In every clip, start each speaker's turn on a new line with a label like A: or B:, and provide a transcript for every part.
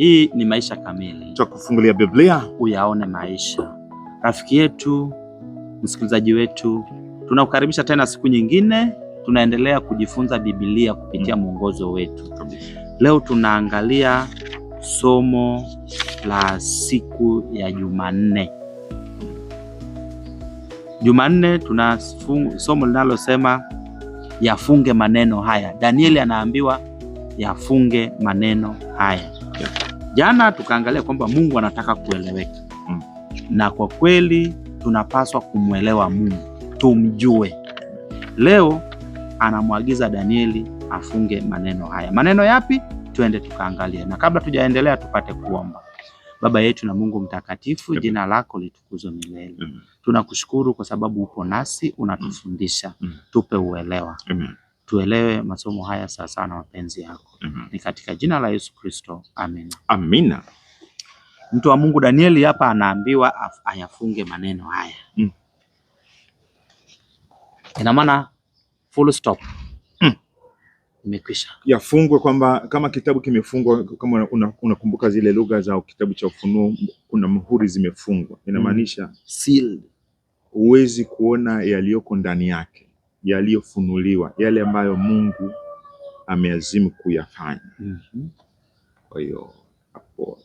A: Hii ni Maisha Kamili,
B: tutakufungulia Biblia
A: uyaone maisha. Rafiki yetu, msikilizaji wetu, tunakukaribisha tena siku nyingine, tunaendelea kujifunza Biblia kupitia mm. mwongozo mm. wetu Kabisa. Leo tunaangalia somo la siku ya Jumanne. Jumanne tuna somo linalosema yafunge maneno haya. Danieli anaambiwa yafunge maneno haya. Jana tukaangalia kwamba Mungu anataka kueleweka mm. na kwa kweli tunapaswa kumwelewa Mungu, tumjue. Leo anamwagiza Danieli afunge maneno haya. Maneno yapi? Tuende tukaangalia, na kabla tujaendelea tupate kuomba. Baba yetu na Mungu mtakatifu, jina lako litukuzwe milele. Tunakushukuru kwa sababu upo nasi, unatufundisha. Amen. Mm. Tupe uelewa. Amen tuelewe masomo haya sawasawa na mapenzi yako mm -hmm. Ni katika jina la Yesu Kristo, amen. Amina. Mtu wa Mungu Danieli hapa anaambiwa ayafunge maneno haya mm. Ina maana full stop mm. Imekwisha,
B: yafungwe kwamba kama kitabu kimefungwa, kama unakumbuka una zile lugha za kitabu cha Ufunuo, kuna muhuri zimefungwa, inamaanisha mm. sealed, huwezi kuona yaliyoko ndani yake yaliyofunuliwa, yale ambayo Mungu ameazimu kuyafanya. Mhm. Kwa hiyo hapo,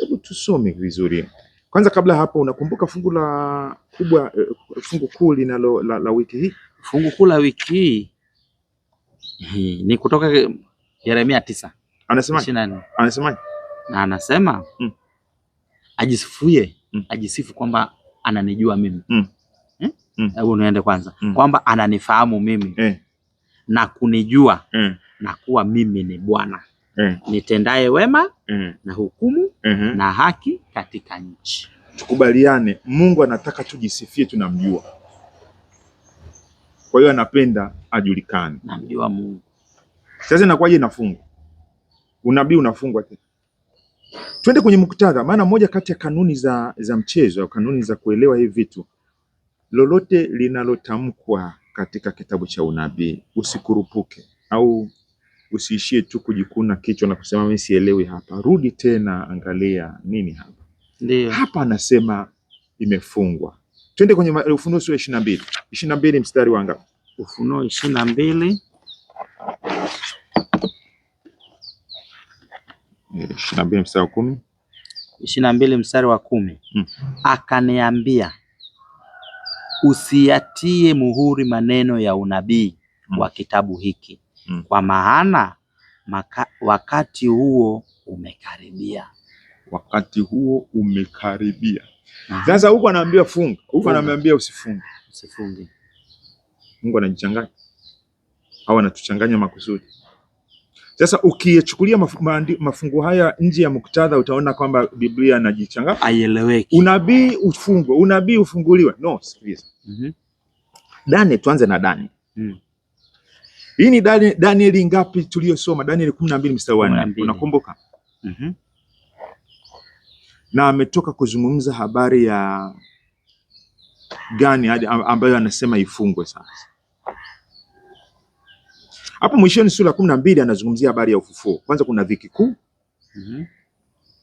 B: hebu tusome vizuri kwanza. Kabla hapo, unakumbuka fungu la kubwa, eh, fungu kuu linalo la, la wiki hii,
A: fungu kuu la wiki hii eh, ni kutoka Yeremia tisa.
B: anasema anasema
A: na anasema mm. ajisifuye mm. ajisifu kwamba ananijua mimi mm. Mm. hebu mm. niende kwanza mm. kwamba ananifahamu mimi mm. na kunijua mm. na kuwa mimi ni Bwana mm. nitendaye wema mm. na hukumu -hmm. na haki katika nchi.
B: Tukubaliane, Mungu anataka tujisifie, tunamjua. Kwa hiyo anapenda ajulikane,
A: namjua Mungu.
B: Sasa inakuwaje? Inafungwa unabii unafungwa tena. Twende kwenye muktadha, maana moja kati ya kanuni za, za mchezo au kanuni za kuelewa hivi vitu lolote linalotamkwa katika kitabu cha unabii usikurupuke au usiishie tu kujikuna kichwa na kusema mimi sielewi hapa. Rudi tena, angalia nini hapa. Ndiyo. Hapa anasema imefungwa. Twende kwenye Ufunuo sura ishirini na mbili ishirini na mbili mstari wa ngapi?
A: Ufunuo ishirini na mbili
B: ishirini na mbili mstari wa kumi
A: ishirini na mbili mstari wa kumi hmm. Akaniambia usiyatie muhuri maneno ya unabii mm. wa kitabu hiki mm. kwa maana maka, wakati huo umekaribia,
B: wakati huo umekaribia. Sasa huko anaambia funga, huko anaambia usifunge, usifunge. Mungu anajichanganya au anatuchanganya makusudi? Sasa ukiyachukulia maf mafungu haya nje ya muktadha, utaona kwamba Biblia inajichanga,
A: haieleweki.
B: Unabii ufungwe, unabii ufunguliwe? No, sikiliza. mm -hmm.
A: Daniel, tuanze na Daniel. mm.
B: Hii ni Daniel, Daniel ngapi tuliyosoma? Daniel 12 mstari wa 4. Unakumbuka? mm -hmm. Na ametoka kuzungumza habari ya gani ambayo anasema ifungwe sasa hapo mwishoni sura kumi na mbili anazungumzia habari ya ufufuo. Kwanza kuna dhiki kuu mm -hmm.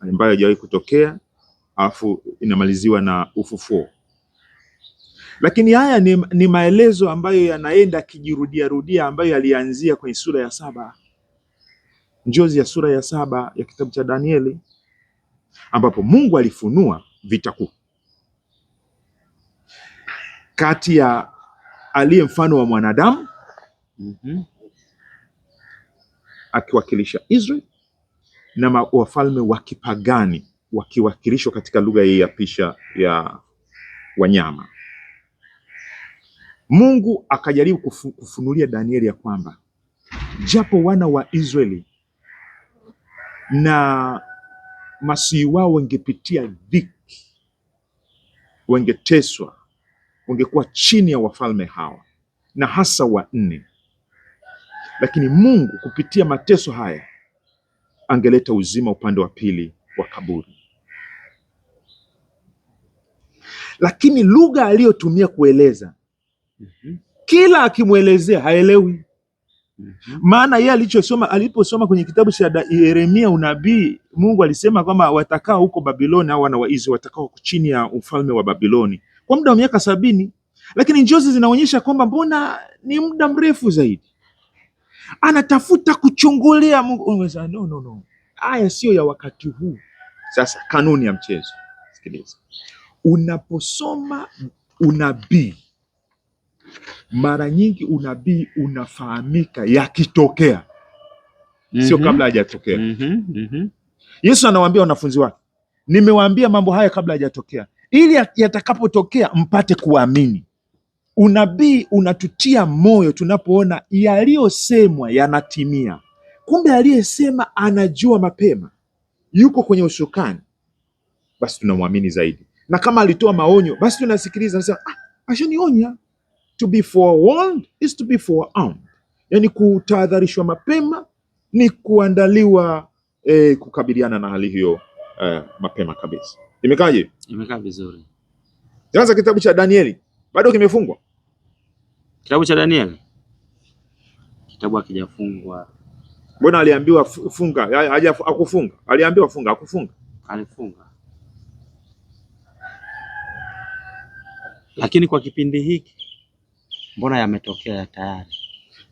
B: ambayo haijawahi kutokea, alafu inamaliziwa na ufufuo. Lakini haya ni, ni maelezo ambayo yanaenda rudia ambayo yalianzia kwenye sura ya saba, njozi ya sura ya saba ya kitabu cha Danieli ambapo Mungu alifunua vita kuu kati ya aliye mfano wa mwanadamu mm -hmm akiwakilisha Israel na wafalme wa kipagani wakiwakilishwa katika lugha hii ya picha ya wanyama. Mungu akajaribu kufu, kufunulia Danieli ya kwamba japo wana wa Israeli na masii wao wangepitia dhiki, wangeteswa, wangekuwa chini ya wafalme hawa na hasa wa nne lakini Mungu kupitia mateso haya angeleta uzima upande wa pili wa kaburi. Lakini lugha aliyotumia kueleza mhm. Kila akimwelezea haelewi mhm. Maana yeye alichosoma aliposoma kwenye kitabu cha Yeremia unabii, Mungu alisema kwamba watakaa huko Babiloni au wana waizi watakao chini ya ufalme wa Babiloni kwa muda wa miaka sabini, lakini njozi zinaonyesha kwamba mbona ni muda mrefu zaidi anatafuta kuchungulia Mungu. No, no, no, haya siyo ya wakati huu. Sasa kanuni ya mchezo, sikiliza, unaposoma unabii mara nyingi unabii unafahamika yakitokea, mm -hmm. Sio mhm. kabla hajatokea. mm -hmm. mm -hmm. Yesu anawaambia wanafunzi wake, nimewaambia mambo haya kabla hajatokea, ili yatakapotokea mpate kuamini. Unabii unatutia moyo tunapoona yaliyosemwa yanatimia. Kumbe aliyesema anajua mapema, yuko kwenye usukani, basi tunamwamini zaidi, na kama alitoa maonyo, basi tunasikiliza. Nasema ah, ashanionya. To be forewarned is to be forearmed, yaani kutahadharishwa mapema ni kuandaliwa eh, kukabiliana na hali hiyo eh, mapema kabisa. Imekaaje?
A: Imekaa vizuri.
B: Anza kitabu cha Danieli bado kimefungwa
A: Kitabu cha Danieli kitabu hakijafungwa.
B: Mbona aliambiwa funga, hakufunga? Aliambiwa funga, hakufunga?
A: Alifunga, lakini kwa kipindi hiki mbona yametokea ya tayari.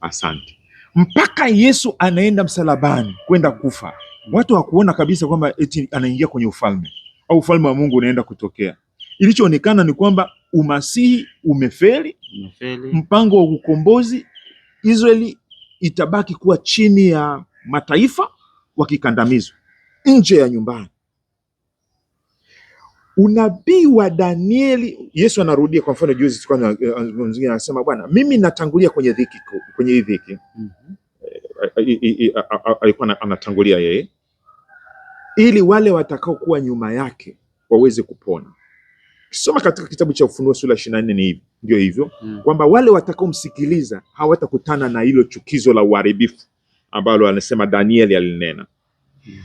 B: Asante. Mpaka Yesu anaenda msalabani kwenda kufa, watu hakuona kabisa kwamba eti anaingia kwenye ufalme au ufalme wa Mungu unaenda kutokea. Ilichoonekana ni kwamba umasihi umefeli, umefeli. Mpango wa ukombozi Israeli itabaki kuwa chini ya mataifa wakikandamizwa nje ya nyumbani. Unabii wa Danieli, Yesu anarudia. Kwa mfano juzi zingine anasema, Bwana, mimi natangulia kwenye dhiki, kwenye hii dhiki. Mm-hmm. Eh, alikuwa anatangulia yeye, ili wale watakaokuwa nyuma yake waweze kupona. Soma katika kitabu cha Ufunuo sura ishirini na nne ni hivi, ndio hivyo mm. kwamba wale watakaomsikiliza hawatakutana na hilo chukizo la uharibifu ambalo anasema Danieli alinena hmm.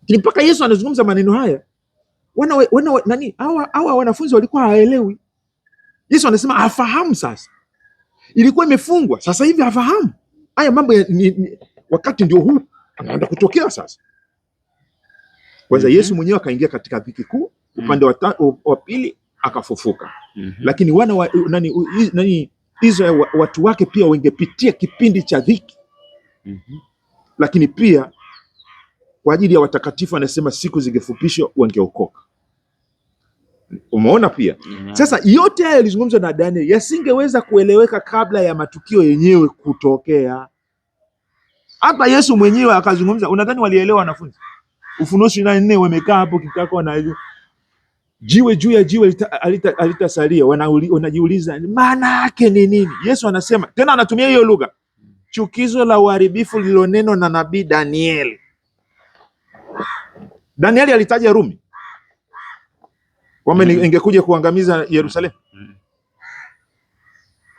B: lakini mpaka Yesu anazungumza maneno haya, wana, wana, nani hawa hawa wanafunzi walikuwa hawaelewi. Yesu anasema afahamu. Sasa ilikuwa imefungwa, sasa hivi afahamu haya mambo ya, ni, ni, wakati ndio huu anaenda kutokea sasa. Kwanza hmm. Yesu mwenyewe akaingia katika dhiki kuu, upande wa pili akafufuka mhm. Lakini wana wa, nani, nani Israel watu wake pia wengepitia kipindi cha dhiki mhm. Lakini pia kwa ajili ya watakatifu anasema siku zingefupishwa wangeokoka. Umeona pia mhm. Sasa yote haya yalizungumzwa na Daniel yasingeweza kueleweka kabla ya matukio yenyewe kutokea. Hata Yesu mwenyewe akazungumza. Unadhani walielewa wanafunzi? Ufunuo ishirini na nne wamekaa hapo kikako na jiwe juu ya jiwe alitasalia alita, wanajiuliza maana yake ni nini? Yesu anasema tena, anatumia hiyo lugha chukizo la uharibifu lililonenwa na nabii Danieli. Danieli alitaja Rumi kwamba mm-hmm. ingekuja kuangamiza Yerusalemu,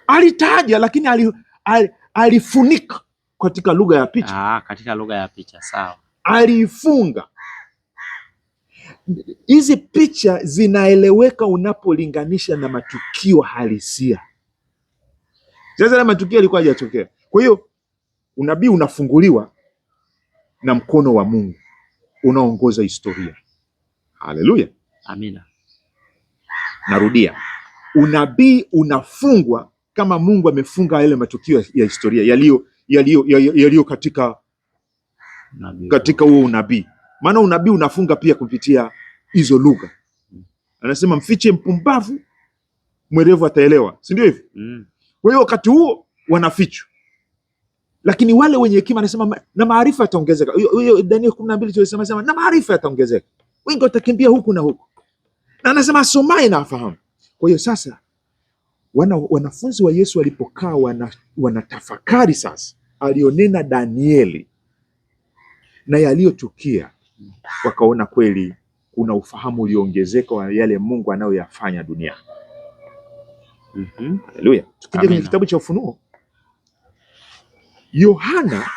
B: alitaja lakini al, al, alifunika katika lugha ya picha.
A: Ah, katika lugha ya picha sawa,
B: aliifunga hizi picha zinaeleweka unapolinganisha na matukio halisia. Sasa na matukio yalikuwa hajatokea, kwa hiyo unabii unafunguliwa na mkono wa Mungu unaongoza historia. Haleluya, amina. Narudia, unabii unafungwa kama Mungu amefunga yale matukio ya historia yaliyo yaliyo katika nabii, katika huo unabii maana unabii unafunga pia kupitia hizo lugha. Anasema mfiche mpumbavu, mwerevu ataelewa, si ndio hivyo? mm. Kwa hiyo wakati huo wanafichwa, lakini wale wenye hekima anasema na maarifa yataongezeka. Hiyo Danieli kumi na mbili tulisema sema na maarifa yataongezeka, wengi watakimbia huku na huku, na anasema asomaye na afahamu. Kwa hiyo sasa wana, wanafunzi wa Yesu walipokaa wana, wanatafakari sasa alionena Danieli na yaliyotukia wakaona kweli kuna ufahamu ulioongezeka wa yale Mungu anayoyafanya duniani. mm -hmm. Haleluya. Tukija kwenye kitabu cha Ufunuo, Yohana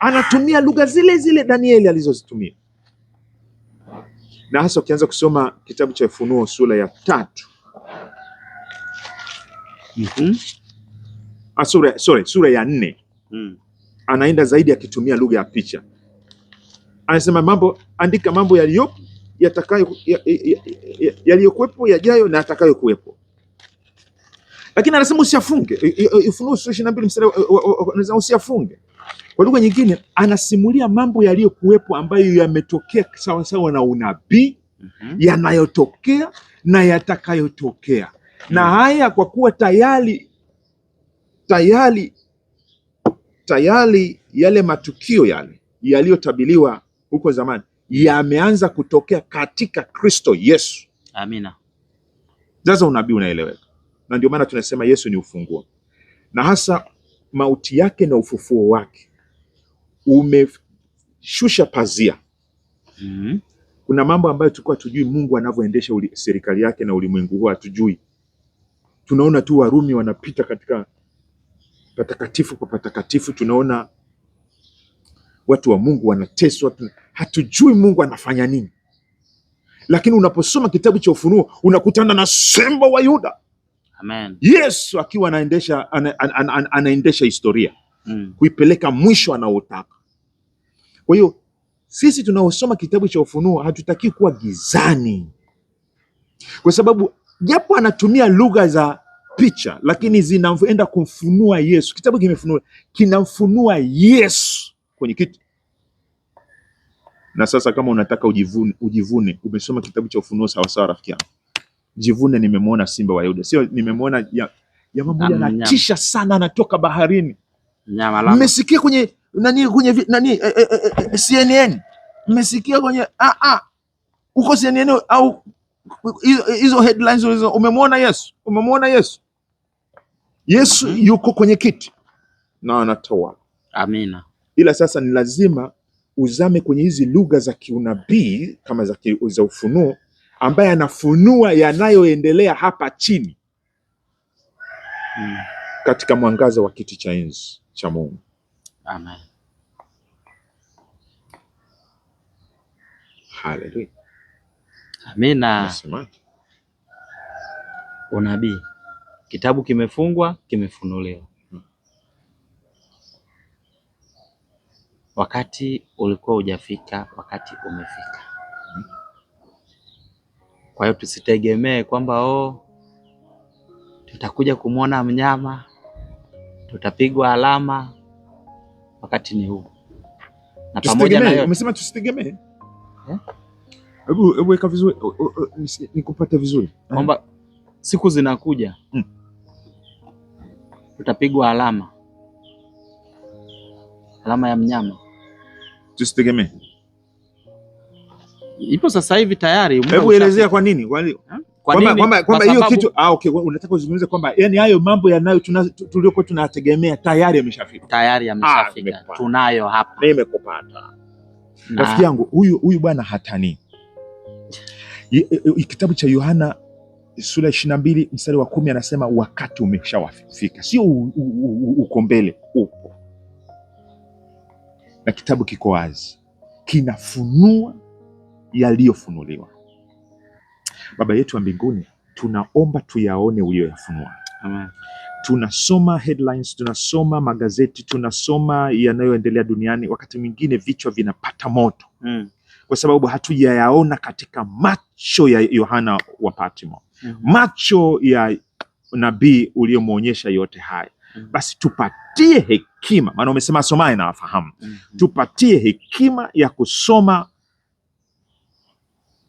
B: anatumia lugha zile zile Danieli alizozitumia, na hasa ukianza kusoma kitabu cha Ufunuo sura ya tatu mm -hmm. Ah, sura, sorry, sura ya nne mm. Anaenda zaidi akitumia lugha ya picha anasema mambo, andika mambo yaliyopo, yatakayo, yaliyokuwepo, yajayo na yatakayokuwepo. Lakini anasema usiafunge. Ufunuo sura ishirini na mbili mstari anasema usiafunge. Kwa lugha nyingine, anasimulia mambo yaliyokuwepo ambayo yametokea sawasawa na unabii mm -hmm. yanayotokea na yatakayotokea mm -hmm. na mhm. haya kwa kuwa tayari tayari tayari yale matukio yale yaliyotabiliwa huko zamani yameanza kutokea katika Kristo Yesu. Amina. Sasa unabii unaeleweka, na ndio maana tunasema Yesu ni ufunguo, na hasa mauti yake na ufufuo wake umeshusha pazia. mm -hmm. Kuna mambo ambayo tulikuwa tujui Mungu anavyoendesha serikali yake na ulimwengu huu, hatujui. Tunaona tu Warumi wanapita katika patakatifu kwa patakatifu, tunaona watu wa Mungu wanateswa, hatujui Mungu anafanya nini. Lakini unaposoma kitabu cha Ufunuo unakutana na semba wa Yuda. Amen. Yesu akiwa anaendesha ana, an, an, an, anaendesha historia mm. kuipeleka mwisho anaotaka. Kwa hiyo sisi tunaosoma kitabu cha Ufunuo hatutaki kuwa gizani, kwa sababu japo anatumia lugha za picha, lakini zinaenda kumfunua Yesu. Kitabu kimefunua kinamfunua Yesu kwenye kitu. Na sasa kama unataka ujivune, ujivune umesoma kitabu cha Ufunuo sawasawa, rafiki yangu, jivune. Nimemwona simba wa Yuda, sio nimemwona jamaa mmoja anatisha sana, anatoka baharini.
A: Mmesikia
B: kwenye nani, kwenye nani, eh, eh, eh, CNN mmesikia kwenye a ah, a ah. uko CNN au hizo headlines hizo. Umemwona Yesu, umemwona Yesu. Yesu mhm. yuko kwenye kiti na anatoa. Amina ila sasa ni lazima uzame kwenye hizi lugha za kiunabii kama za, ki, za ufunuo ambaye anafunua yanayoendelea hapa chini hmm. katika mwangaza wa kiti cha enzi cha Mungu. Amen. Haleluya.
A: Amina. Unabii, kitabu kimefungwa, kimefunuliwa. Wakati ulikuwa hujafika, wakati umefika. Kwa hiyo tusitegemee kwamba oh, tutakuja kumwona mnyama, tutapigwa alama, wakati ni huu.
B: Na pamoja na hiyo umesema tusitegemee. Eh? Hebu hebu weka vizuri, nikupate vizuri
A: kwamba siku zinakuja mm. tutapigwa alama, alama ya mnyama tusitegemee ipo sasa hivi tayari.
B: Hebu elezea kwa nini kwamba hiyo kitu ah, okay, unataka uzungumze kwamba yani hayo mambo yanayo tuliokuwa tunategemea tayari yameshafika,
A: tayari yameshafika, ah, tunayo hapa.
B: Nimekupata rafiki yangu huyu huyu bwana hatani. E- e- kitabu cha Yohana sura ishirini na mbili mstari wa kumi anasema wakati umeshawafika, sio uko mbele, uko na kitabu kiko wazi, kinafunua yaliyofunuliwa. Baba yetu wa mbinguni, tunaomba tuyaone uliyoyafunua. Amen. Tunasoma headlines, tunasoma magazeti, tunasoma yanayoendelea duniani. Wakati mwingine vichwa vinapata moto mm. kwa sababu hatujayaona katika macho ya Yohana wa Patmo mm -hmm. macho ya nabii uliyomwonyesha yote haya Mm-hmm. basi tupatie hekima, maana umesema asomaye na afahamu. mm -hmm. Tupatie hekima ya kusoma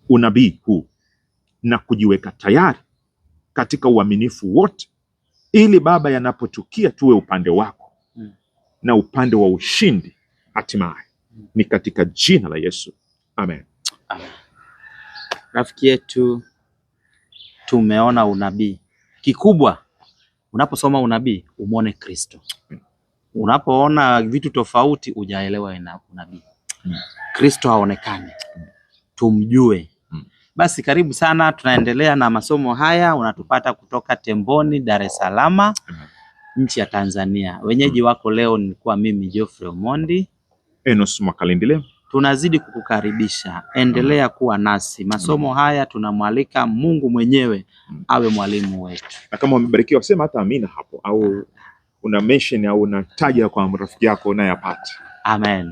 B: unabii huu na kujiweka tayari katika uaminifu wote, ili Baba, yanapotukia tuwe upande wako mm. na upande wa ushindi hatimaye mm. ni katika jina la Yesu amen. Amen.
A: Rafiki yetu, tumeona unabii kikubwa Unaposoma unabii umwone Kristo, mm. unapoona vitu tofauti ujaelewa ina unabii. Mm. Kristo haonekani mm. tumjue. Basi karibu sana, tunaendelea na masomo haya. Unatupata kutoka Temboni, Dar es Salaam, nchi ya Tanzania. Wenyeji wako leo nilikuwa mimi Geoffrey Omondi
B: Enos Makalindile
A: tunazidi kukukaribisha, endelea kuwa nasi. Masomo mm. haya tunamwalika Mungu mwenyewe mm. awe mwalimu wetu,
B: na kama umebarikiwa sema hata amina hapo, au una mention au unataja kwa rafiki yako unayapata.
A: Amen.